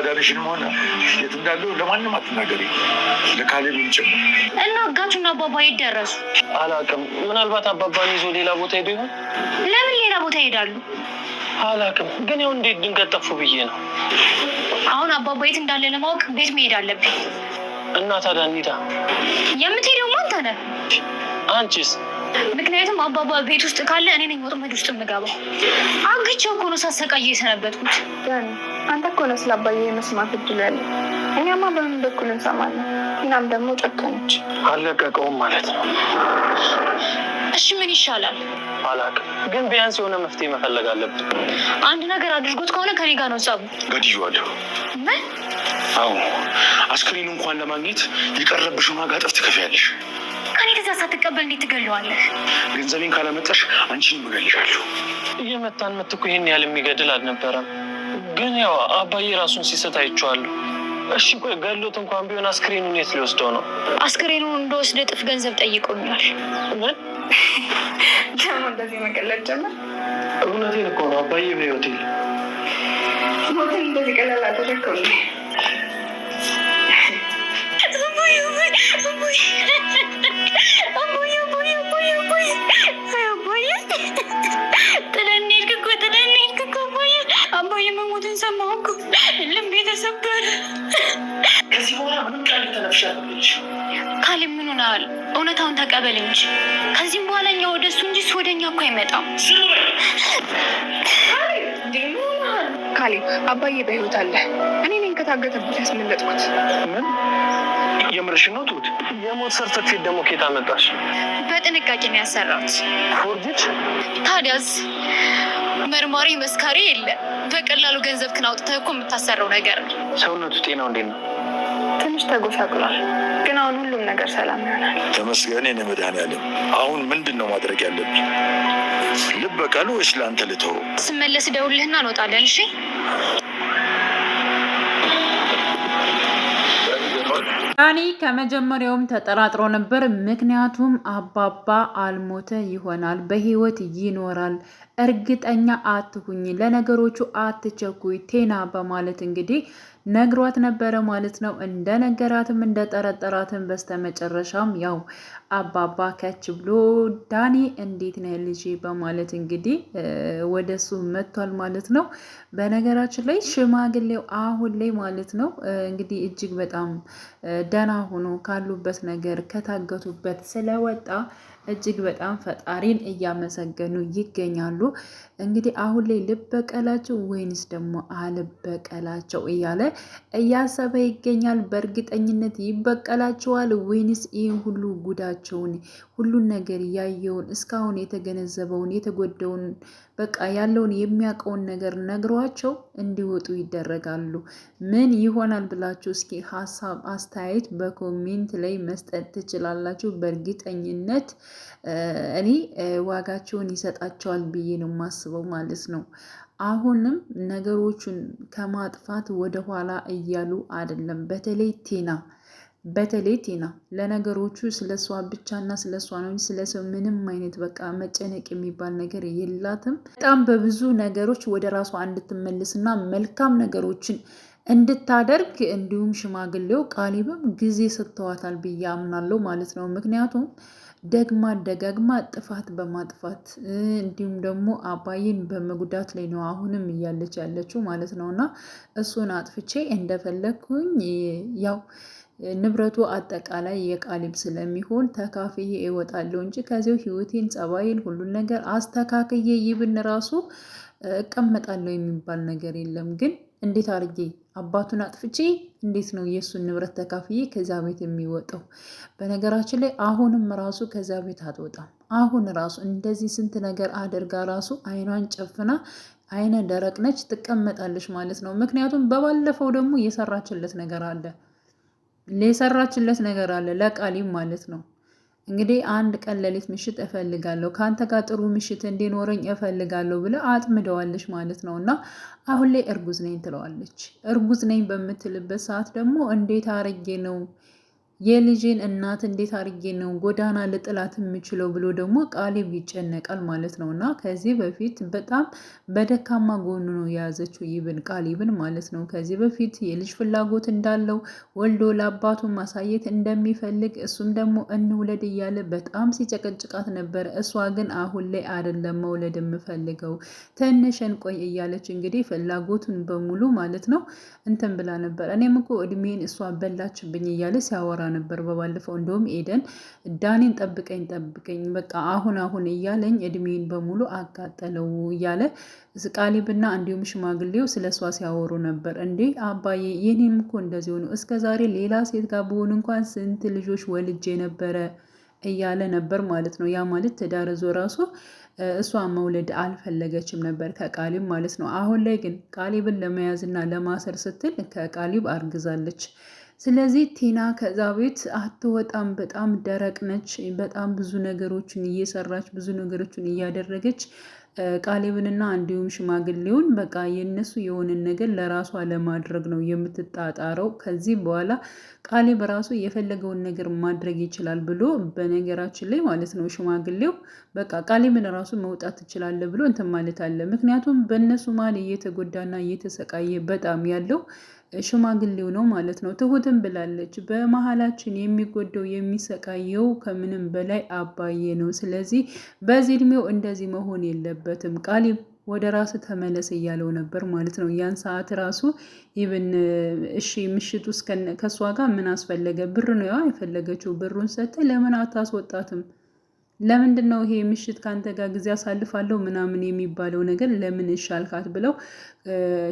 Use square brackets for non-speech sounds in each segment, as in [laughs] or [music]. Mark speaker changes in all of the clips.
Speaker 1: ማዳለሽንም ሆነ የት እንዳለው ለማንም አትናገሪ፣ ለካሌብም ጭም
Speaker 2: እና አጋቹና አባባ ይደረሱ
Speaker 1: አላውቅም። ምናልባት አባባን ይዞ ሌላ ቦታ ሄዱ ይሆን?
Speaker 2: ለምን ሌላ ቦታ ይሄዳሉ?
Speaker 1: አላውቅም። ግን ያው እንዴት ድንገት ጠፉ ብዬ ነው።
Speaker 2: አሁን አባባ የት እንዳለ ለማወቅ ቤት መሄድ አለብኝ።
Speaker 1: እና ታዲያ እንሂዳ።
Speaker 2: የምትሄደውማ አንተ ነህ። አንቺስ? ምክንያቱም አባባ ቤት ውስጥ ካለ እኔ ነኝ ወጥመድ ውስጥ የምገባው። አግቼው እኮ ሳሰቃየ የሰነበትኩት።
Speaker 3: ያን አንተ እኮ ነው ስለ አባዬ የመስማት እድል ያለ። እኛማ በምን በኩል እንሰማለን? እናም ደግሞ ጨከነች።
Speaker 1: አለቀቀውም ማለት ነው።
Speaker 2: እሺ ምን ይሻላል?
Speaker 1: አላውቅም፣ ግን ቢያንስ የሆነ መፍትሄ መፈለግ አለብን።
Speaker 2: አንድ ነገር አድርጎት ከሆነ ከኔ ጋር ነው ጸቡ። ገድዬዋለሁ። ምን?
Speaker 1: አዎ አስክሬን እንኳን ለማግኘት የቀረብሽን ዋጋ እጥፍ ትከፍያለሽ።
Speaker 2: ሳትቀበል እንዴት ትገለዋለህ?
Speaker 1: ገንዘቤን ካላመጣሽ አንቺን እገልሻለሁ። እየመጣን ምት ይህን ያህል የሚገድል አልነበረም። ግን ያው አባዬ ራሱን ሲሰጥ አይቼዋለሁ። እሺ ቆይ ገሎት እንኳን ቢሆን አስክሬኑን የት ሊወስደው ነው?
Speaker 2: አስክሬኑን እንደወስደ እጥፍ ገንዘብ ጠይቆኛል።
Speaker 1: ምን
Speaker 3: ደግሞ እንደዚህ መቀለል ጀመር?
Speaker 1: እውነቴን እኮ ነው አባዬ በህይወት የለም።
Speaker 3: ሞትን እንደዚህ ቀላል አደረግከው።
Speaker 2: ካሌ ምን ሆነሃል? እውነታውን ተቀበል እንጂ ከዚህም በኋላ እኛ ወደ እሱ እንጂ እሱ ወደ እኛ እኮ አይመጣም።
Speaker 3: ካሌ አባዬ በህይወት አለ። እኔ ነኝ ከታገተበት ያስመለጥኩት።
Speaker 1: የምርሽ ነው ትሁት? የሞት ሰርተፊኬት ደግሞ ኬት አመጣሽ?
Speaker 2: በጥንቃቄ ነው ያሰራት። ፎርጅድ? ታዲያስ መርማሪ መስካሪ የለ። በቀላሉ ገንዘብ ክን አውጥተህ እኮ የምታሰራው ነገር ነው።
Speaker 1: ሰውነቱ ጤናው እንዴት ነው?
Speaker 3: ትንሽ ተጎሳቅሏል፣ ግን አሁን ሁሉም ነገር ሰላም ይሆናል።
Speaker 1: ተመስገን የእኔ መድኃኒዓለም። አሁን ምንድን ነው ማድረግ ያለብኝ? ልበቀል ወይስ ለአንተ ልተው?
Speaker 2: ስመለስ ደውልህና እንወጣለን። እሺ
Speaker 4: ዳኒ ከመጀመሪያውም ተጠራጥሮ ነበር። ምክንያቱም አባባ አልሞተ ይሆናል በህይወት ይኖራል፣ እርግጠኛ አትሁኝ፣ ለነገሮቹ አትቸኩይ ቴና በማለት እንግዲህ ነግሯት ነበረ ማለት ነው። እንደነገራትም እንደጠረጠራትም በስተመጨረሻም ያው አባባ ከች ብሎ ዳኒ እንዴት ነህ ልጄ በማለት እንግዲህ ወደ እሱ መጥቷል ማለት ነው። በነገራችን ላይ ሽማግሌው አሁን ላይ ማለት ነው እንግዲህ እጅግ በጣም ደህና ሆኖ ካሉበት ነገር ከታገቱበት ስለወጣ እጅግ በጣም ፈጣሪን እያመሰገኑ ይገኛሉ። እንግዲህ አሁን ላይ ልበቀላቸው ወይንስ ደግሞ አልበቀላቸው እያለ እያሰበ ይገኛል። በእርግጠኝነት ይበቀላቸዋል ወይንስ ይህን ሁሉ ጉዳቸውን ሁሉን ነገር ያየውን እስካሁን የተገነዘበውን የተጎደውን በቃ ያለውን የሚያውቀውን ነገር ነግሯቸው እንዲወጡ ይደረጋሉ። ምን ይሆናል ብላችሁ እስኪ ሀሳብ አስተያየት በኮሜንት ላይ መስጠት ትችላላችሁ። በእርግጠኝነት እኔ ዋጋቸውን ይሰጣቸዋል ብዬ ነው የማስበው ማለት ነው። አሁንም ነገሮቹን ከማጥፋት ወደኋላ እያሉ አይደለም። በተለይ ቴና። በተለይ ቲና ለነገሮቹ ስለ እሷ ብቻ እና ስለ እሷ ነው፣ ስለ ሰው ምንም አይነት በቃ መጨነቅ የሚባል ነገር የላትም። በጣም በብዙ ነገሮች ወደ ራሷ እንድትመልስና መልካም ነገሮችን እንድታደርግ እንዲሁም ሽማግሌው ቃሊብም ጊዜ ሰጥተዋታል ብዬ አምናለሁ ማለት ነው። ምክንያቱም ደግማ ደጋግማ ጥፋት በማጥፋት እንዲሁም ደግሞ አባይን በመጉዳት ላይ ነው አሁንም እያለች ያለችው ማለት ነው እና እሱን አጥፍቼ እንደፈለግኩኝ ያው ንብረቱ አጠቃላይ የቃሊብ ስለሚሆን ተካፍዬ እወጣለሁ እንጂ ከዚው ህይወቴን ጸባይን ሁሉን ነገር አስተካክዬ ይብን ራሱ እቀመጣለሁ የሚባል ነገር የለም። ግን እንዴት አድርጌ አባቱን አጥፍቼ እንዴት ነው የእሱን ንብረት ተካፍዬ ከዛ ቤት የሚወጣው? በነገራችን ላይ አሁንም ራሱ ከዛ ቤት አትወጣም። አሁን ራሱ እንደዚህ ስንት ነገር አድርጋ ራሱ አይኗን ጨፍና አይነ ደረቅ ነች፣ ትቀመጣለች ማለት ነው። ምክንያቱም በባለፈው ደግሞ የሰራችለት ነገር አለ የሰራችለት ነገር አለ ለቃሊም ማለት ነው። እንግዲህ አንድ ቀን ሌሊት ምሽት እፈልጋለሁ ከአንተ ጋር ጥሩ ምሽት እንዲኖረኝ እፈልጋለሁ ብለ አጥምደዋለች ማለት ነው። እና አሁን ላይ እርጉዝ ነኝ ትለዋለች። እርጉዝ ነኝ በምትልበት ሰዓት ደግሞ እንዴት አርጌ ነው የልጄን እናት እንዴት አድርጌ ነው ጎዳና ልጥላት የምችለው ብሎ ደግሞ ቃሌብ ይጨነቃል ማለት ነው። እና ከዚህ በፊት በጣም በደካማ ጎኑ ነው የያዘችው ይብን ቃሊብን ማለት ነው። ከዚህ በፊት የልጅ ፍላጎት እንዳለው ወልዶ ለአባቱ ማሳየት እንደሚፈልግ እሱም ደግሞ እንውለድ እያለ በጣም ሲጨቀጭቃት ነበር። እሷ ግን አሁን ላይ አይደለም መውለድ የምፈልገው ትንሽን ቆይ እያለች እንግዲህ ፍላጎቱን በሙሉ ማለት ነው እንትን ብላ ነበር። እኔም እኮ እድሜን እሷ በላችብኝ እያለ ሲያወራ ነበር በባለፈው። እንደውም ኤደን ዳኔን ጠብቀኝ ጠብቀኝ በቃ አሁን አሁን እያለኝ እድሜን በሙሉ አቃጠለው እያለ ቃሊብና እንዲሁም ሽማግሌው ስለ እሷ ሲያወሩ ነበር። እንዴ አባዬ የኔም እኮ እንደዚሁ ነው። እስከ ዛሬ ሌላ ሴት ጋር ብሆን እንኳን ስንት ልጆች ወልጄ ነበረ እያለ ነበር ማለት ነው። ያ ማለት ተዳረዞ ራሱ እሷ መውለድ አልፈለገችም ነበር ከቃሊብ ማለት ነው። አሁን ላይ ግን ቃሊብን ለመያዝና ለማሰር ስትል ከቃሊብ አርግዛለች። ስለዚህ ቲና ከዛ ቤት አትወጣም። በጣም ደረቅ ነች። በጣም ብዙ ነገሮችን እየሰራች ብዙ ነገሮችን እያደረገች ቃሌብንና እንዲሁም ሽማግሌውን በቃ የነሱ የሆነን ነገር ለራሷ ለማድረግ ነው የምትጣጣረው። ከዚህ በኋላ ቃሌብ ራሱ የፈለገውን ነገር ማድረግ ይችላል ብሎ በነገራችን ላይ ማለት ነው ሽማግሌው በቃ ቃሌብን ራሱ መውጣት ትችላለ ብሎ እንትን ማለት አለ። ምክንያቱም በእነሱ መሀል እየተጎዳና እየተሰቃየ በጣም ያለው ሽማግሌው ነው ማለት ነው። ትሁትም ብላለች በመሀላችን የሚጎደው የሚሰቃየው ከምንም በላይ አባዬ ነው። ስለዚህ በዚህ እድሜው እንደዚህ መሆን የለበትም ቃሊብ ወደ ራስ ተመለስ እያለው ነበር ማለት ነው። ያን ሰዓት ራሱ ይብን እሺ፣ ምሽቱ ከእሷ ጋር ምን አስፈለገ? ብር ነው ያው የፈለገችው። ብሩን ሰጥተህ ለምን አታስወጣትም? ለምንድን ነው ይሄ ምሽት ከአንተ ጋር ጊዜ አሳልፋለሁ ምናምን የሚባለው ነገር ለምን እሻልካት ብለው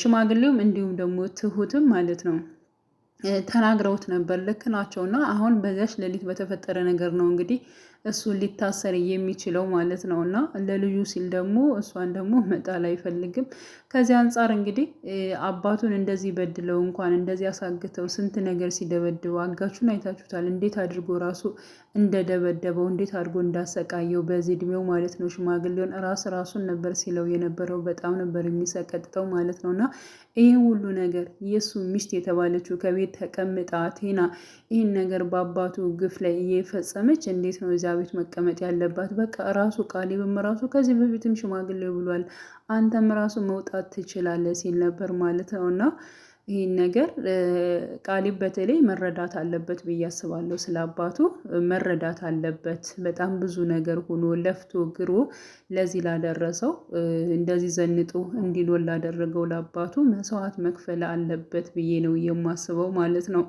Speaker 4: ሽማግሌውም እንዲሁም ደግሞ ትሁትም ማለት ነው ተናግረውት ነበር። ልክ ናቸው። እና አሁን በዚያች ሌሊት በተፈጠረ ነገር ነው እንግዲህ እሱን ሊታሰር የሚችለው ማለት ነው። እና ለልዩ ሲል ደግሞ እሷን ደግሞ መጣል አይፈልግም። ከዚህ አንጻር እንግዲህ አባቱን እንደዚህ በድለው እንኳን እንደዚህ አሳግተው ስንት ነገር ሲደበድበው አጋቹን አይታችሁታል። እንዴት አድርጎ ራሱ እንደደበደበው እንዴት አድርጎ እንዳሰቃየው በዚህ እድሜው ማለት ነው። ሽማግሌውን ራስ ራሱን ነበር ሲለው የነበረው በጣም ነበር የሚሰቀጥጠው ማለት ነው። እና ይህን ሁሉ ነገር የእሱ ሚስት የተባለችው ከቤት ተቀምጣ ቴና ይህን ነገር በአባቱ ግፍ ላይ እየፈጸመች እንዴት ነው እዚያ ቤት መቀመጥ ያለባት። በቃ ራሱ ቃሊብም ራሱ ከዚህ በፊትም ሽማግሌ ብሏል፣ አንተም ራሱ መውጣት ትችላለህ ሲል ነበር ማለት ነው እና ይህን ነገር ቃሊብ በተለይ መረዳት አለበት ብዬ አስባለሁ። ስለ አባቱ መረዳት አለበት። በጣም ብዙ ነገር ሆኖ ለፍቶ ግሮ ለዚህ ላደረሰው እንደዚህ ዘንጦ እንዲኖር ላደረገው ለአባቱ መስዋዕት መክፈል አለበት ብዬ ነው የማስበው ማለት ነው።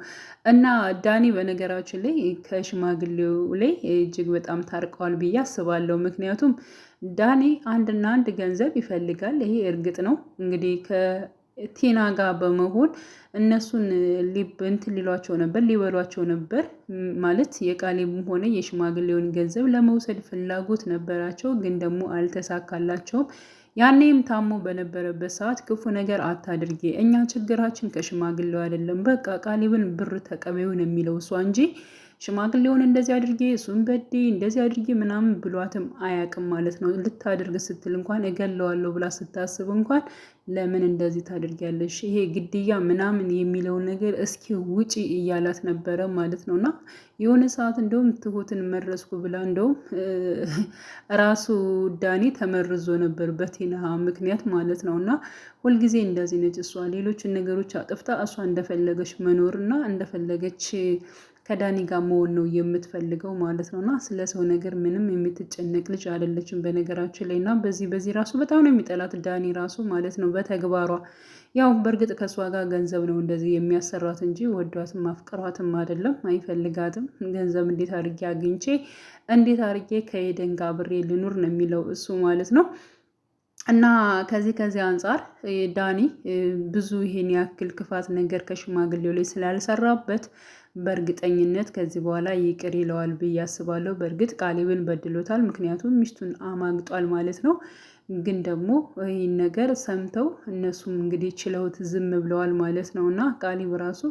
Speaker 4: እና ዳኒ በነገራችን ላይ ከሽማግሌው ላይ እጅግ በጣም ታርቀዋል ብዬ አስባለሁ። ምክንያቱም ዳኒ አንድና አንድ ገንዘብ ይፈልጋል። ይሄ እርግጥ ነው እንግዲህ ቲና ጋር በመሆን እነሱን ሊብንት ሊሏቸው ነበር ሊበሏቸው ነበር። ማለት የቃሌም ሆነ የሽማግሌውን ገንዘብ ለመውሰድ ፍላጎት ነበራቸው፣ ግን ደግሞ አልተሳካላቸውም። ያኔም ታሞ በነበረበት ሰዓት ክፉ ነገር አታድርጊ፣ እኛ ችግራችን ከሽማግሌው አይደለም፣ በቃ ቃሌብን ብር ተቀበዩን የሚለው እሷ እንጂ ሽማግሌውን እንደዚህ አድርጌ እሱን በዴ እንደዚህ አድርጌ ምናምን ብሏትም አያውቅም ማለት ነው። ልታደርግ ስትል እንኳን እገለዋለሁ ብላ ስታስብ እንኳን ለምን እንደዚህ ታደርጊያለሽ፣ ይሄ ግድያ ምናምን የሚለውን ነገር እስኪ ውጪ እያላት ነበረ ማለት ነው። እና የሆነ ሰዓት እንደውም ትሁትን መረስኩ ብላ እንደውም [laughs] ራሱ ዳኒ ተመርዞ ነበር በቴና ምክንያት ማለት ነው። እና ሁልጊዜ እንደዚህ ነች እሷ ሌሎችን ነገሮች አጥፍታ እሷ እንደፈለገች መኖር እና እንደፈለገች ከዳኒ ጋር መሆን ነው የምትፈልገው ማለት ነው። እና ስለ ሰው ነገር ምንም የምትጨነቅ ልጅ አይደለችም በነገራችን ላይ እና በዚህ በዚህ ራሱ በጣም ነው የሚጠላት ዳኒ ራሱ ማለት ነው በተግባሯ ያው በእርግጥ ከእሷ ጋር ገንዘብ ነው እንደዚህ የሚያሰራት እንጂ ወዷትም አፍቅሯትም አይደለም፣ አይፈልጋትም። ገንዘብ እንዴት አድርጌ አግኝቼ እንዴት አድርጌ ከሄደን ጋር አብሬ ልኑር ነው የሚለው እሱ ማለት ነው። እና ከዚህ ከዚህ አንጻር ዳኒ ብዙ ይሄን ያክል ክፋት ነገር ከሽማግሌው ላይ ስላልሰራበት በእርግጠኝነት ከዚህ በኋላ ይቅር ይለዋል ብዬ አስባለሁ። በእርግጥ ቃሊብን በድሎታል፣ ምክንያቱም ሚስቱን አማግጧል ማለት ነው። ግን ደግሞ ይህን ነገር ሰምተው እነሱም እንግዲህ ችለውት ዝም ብለዋል ማለት ነው እና ቃሊብ ራሱ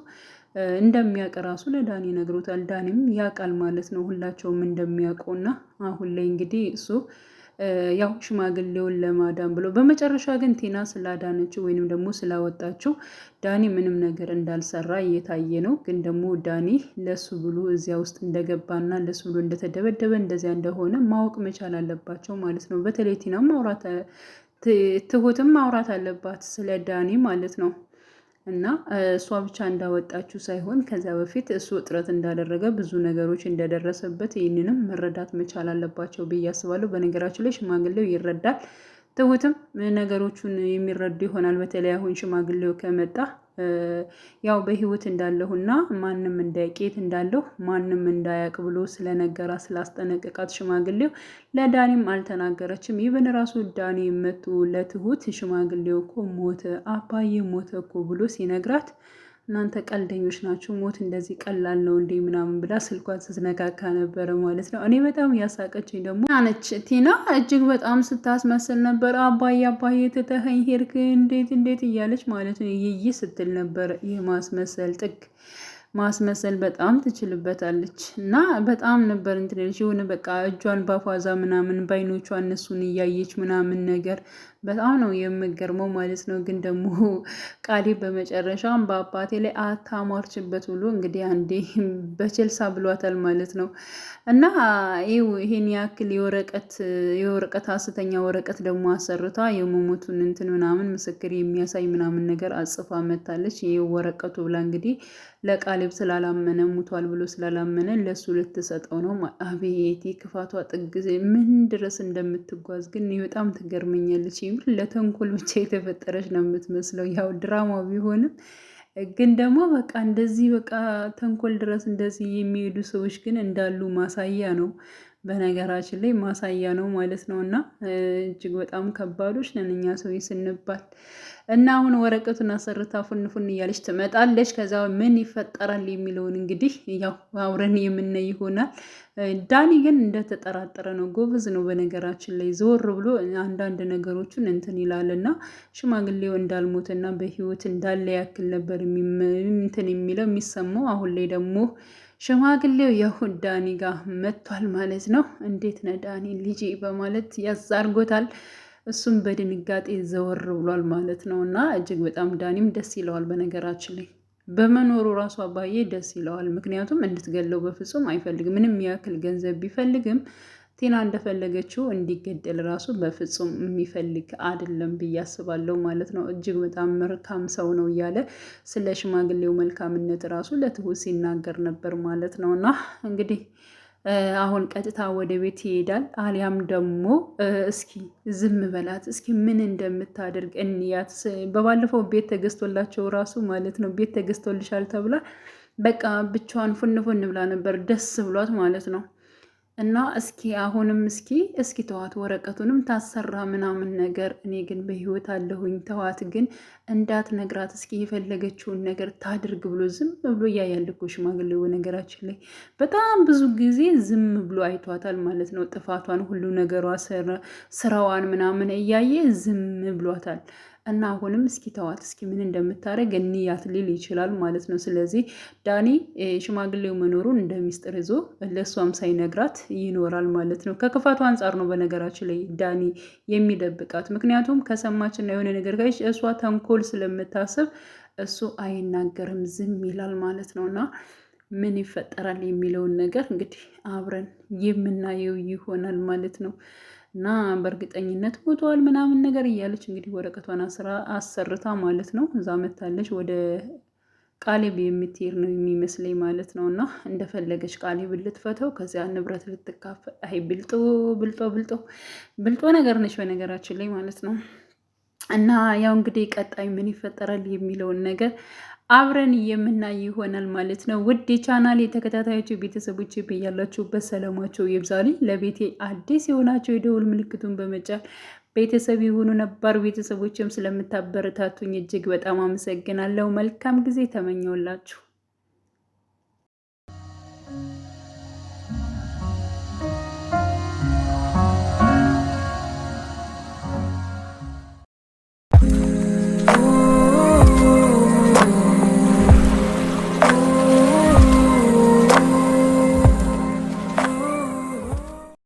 Speaker 4: እንደሚያውቅ ራሱ ለዳኒ ነግሮታል። ዳኒም ያውቃል ማለት ነው ሁላቸውም እና አሁን ላይ እንግዲህ እሱ ያው ሽማግሌውን ለማዳን ብሎ በመጨረሻ ግን ቴና ስላዳነችው ወይንም ደግሞ ስላወጣችው ዳኒ ምንም ነገር እንዳልሰራ እየታየ ነው። ግን ደግሞ ዳኒ ለሱ ብሎ እዚያ ውስጥ እንደገባና ለሱ ብሎ እንደተደበደበ እንደዚያ እንደሆነ ማወቅ መቻል አለባቸው ማለት ነው። በተለይ ቴና ማውራት ትሁትም ማውራት አለባት ስለ ዳኒ ማለት ነው። እና እሷ ብቻ እንዳወጣችው ሳይሆን ከዚያ በፊት እሱ እጥረት እንዳደረገ ብዙ ነገሮች እንደደረሰበት ይህንንም መረዳት መቻል አለባቸው ብዬ አስባለሁ። በነገራችን ላይ ሽማግሌው ይረዳል። ትሁትም ነገሮቹን የሚረዱ ይሆናል። በተለይ አሁን ሽማግሌው ከመጣ ያው በህይወት እንዳለሁና ማንም እንዳያቄት እንዳለሁ ማንም እንዳያቅ ብሎ ስለነገራ ስላስጠነቀቃት ሽማግሌው ለዳኒም አልተናገረችም። ይብን ራሱ ዳኒ መቶ ለትሁት ሽማግሌው እኮ ሞተ አባዬ ሞተ እኮ ብሎ ሲነግራት እናንተ ቀልደኞች ናችሁ፣ ሞት እንደዚህ ቀላል ነው እንዴ ምናምን ብላ ስልኳን ስትነካካ ነበረ ማለት ነው። እኔ በጣም እያሳቀችኝ ደግሞ ነች ቲና እጅግ በጣም ስታስመስል ነበር። አባዬ አባዬ ትተኸኝ ሄድክ እንዴት እንዴት እያለች ማለት ነው ይይ ስትል ነበር። ይህ ማስመሰል ጥግ ማስመሰል በጣም ትችልበታለች እና በጣም ነበር እንትን የሆነ በቃ እጇን ባፏዛ ምናምን በአይኖቿ እነሱን እያየች ምናምን ነገር በጣም ነው የምገርመው ማለት ነው። ግን ደግሞ ቃሊብ በመጨረሻም በአባቴ ላይ አታሟርችበት ብሎ እንግዲህ አንዴ በቼልሳ ብሏታል ማለት ነው። እና ይው ይሄን ያክል የወረቀት ሐሰተኛ ወረቀት ደግሞ አሰርታ የመሞቱን እንትን ምናምን ምስክር የሚያሳይ ምናምን ነገር አጽፋ መታለች። ይህ ወረቀቱ ብላ እንግዲህ ለቃሊብ ስላላመነ ሙቷል ብሎ ስላላመነ ለሱ ልትሰጠው ነው። አቤት የክፋቷ ጥግ ምን ድረስ እንደምትጓዝ ግን በጣም ትገርመኛለች። የምር ለተንኮል ብቻ የተፈጠረች ነው የምትመስለው። ያው ድራማ ቢሆንም ግን ደግሞ በቃ እንደዚህ በቃ ተንኮል ድረስ እንደዚህ የሚሄዱ ሰዎች ግን እንዳሉ ማሳያ ነው። በነገራችን ላይ ማሳያ ነው ማለት ነው። እና እጅግ በጣም ከባዶች ነን እኛ ሰው ስንባል እና አሁን ወረቀቱን አሰርታ ፉንፉን እያለች ትመጣለች። ከዛ ምን ይፈጠራል የሚለውን እንግዲህ ያው አብረን የምናይ ይሆናል። ዳኒ ግን እንደተጠራጠረ ነው። ጎበዝ ነው በነገራችን ላይ ዞር ብሎ አንዳንድ ነገሮቹን እንትን ይላል እና ሽማግሌው እንዳልሞተና በህይወት እንዳለ ያክል ነበር እንትን የሚለው የሚሰማው አሁን ላይ ደግሞ ሽማግሌው የሁድ ዳኒ ጋር መጥቷል ማለት ነው። እንዴት ነ ዳኒ ልጅ በማለት ያዛርጎታል። እሱም በድንጋጤ ዘወር ብሏል ማለት ነው። እና እጅግ በጣም ዳኒም ደስ ይለዋል። በነገራችን ላይ በመኖሩ ራሱ አባዬ ደስ ይለዋል። ምክንያቱም እንድትገለው በፍጹም አይፈልግም። ምንም ያክል ገንዘብ ቢፈልግም ቲና እንደፈለገችው እንዲገደል ራሱ በፍጹም የሚፈልግ አይደለም ብዬ አስባለሁ ማለት ነው። እጅግ በጣም መልካም ሰው ነው እያለ ስለ ሽማግሌው መልካምነት ራሱ ለትሁት ሲናገር ነበር ማለት ነው። እና እንግዲህ አሁን ቀጥታ ወደ ቤት ይሄዳል። አሊያም ደግሞ እስኪ ዝም በላት እስኪ ምን እንደምታደርግ እንያት። በባለፈው ቤት ተገዝቶላቸው ራሱ ማለት ነው ቤት ተገዝቶልሻል ተብላ በቃ ብቻዋን ፉን ፉን ብላ ነበር ደስ ብሏት ማለት ነው። እና እስኪ አሁንም እስኪ እስኪ ተዋት ወረቀቱንም ታሰራ ምናምን ነገር እኔ ግን በህይወት አለሁኝ ተዋት ግን እንዳት ነግራት እስኪ የፈለገችውን ነገር ታድርግ ብሎ ዝም ብሎ እያያል እኮ ሽማግሌው። ነገራችን ላይ በጣም ብዙ ጊዜ ዝም ብሎ አይቷታል ማለት ነው። ጥፋቷን ሁሉ ነገሯ፣ ስራዋን ምናምን እያየ ዝም ብሏታል። እና አሁንም እስኪ ተዋት፣ እስኪ ምን እንደምታደርግ እንያት ሊል ይችላል ማለት ነው። ስለዚህ ዳኒ ሽማግሌው መኖሩን እንደ ሚስጥር ይዞ ለእሷም ሳይነግራት ይኖራል ማለት ነው። ከክፋቱ አንጻር ነው በነገራችን ላይ ዳኒ የሚደብቃት፣ ምክንያቱም ከሰማችና የሆነ ነገር ካይች እሷ ተንኮል ስለምታስብ እሱ አይናገርም፣ ዝም ይላል ማለት ነው እና ምን ይፈጠራል የሚለውን ነገር እንግዲህ አብረን የምናየው ይሆናል ማለት ነው። እና በእርግጠኝነት ሞተዋል ምናምን ነገር እያለች እንግዲህ ወረቀቷን አስራ አሰርታ ማለት ነው እዛ መታለች ወደ ቃሌብ የምትሄድ ነው የሚመስለኝ ማለት ነው። እና እንደፈለገች ቃሌብ ልትፈተው ከዚያ ንብረት ልትካፈል አይ ብልጦ ብልጦ ብልጦ ብልጦ ነገር ነች በነገራችን ላይ ማለት ነው። እና ያው እንግዲህ ቀጣይ ምን ይፈጠራል የሚለውን ነገር አብረን የምናይ ይሆናል ማለት ነው። ውድ ቻናል የተከታታዮች ቤተሰቦች ብያላችሁ ሰላማቸው ይብዛል። ለቤቴ አዲስ የሆናቸው የደውል ምልክቱን በመጫን ቤተሰብ የሆኑ ነባር ቤተሰቦችም ስለምታበረታቱኝ እጅግ በጣም አመሰግናለሁ። መልካም ጊዜ ተመኘውላችሁ።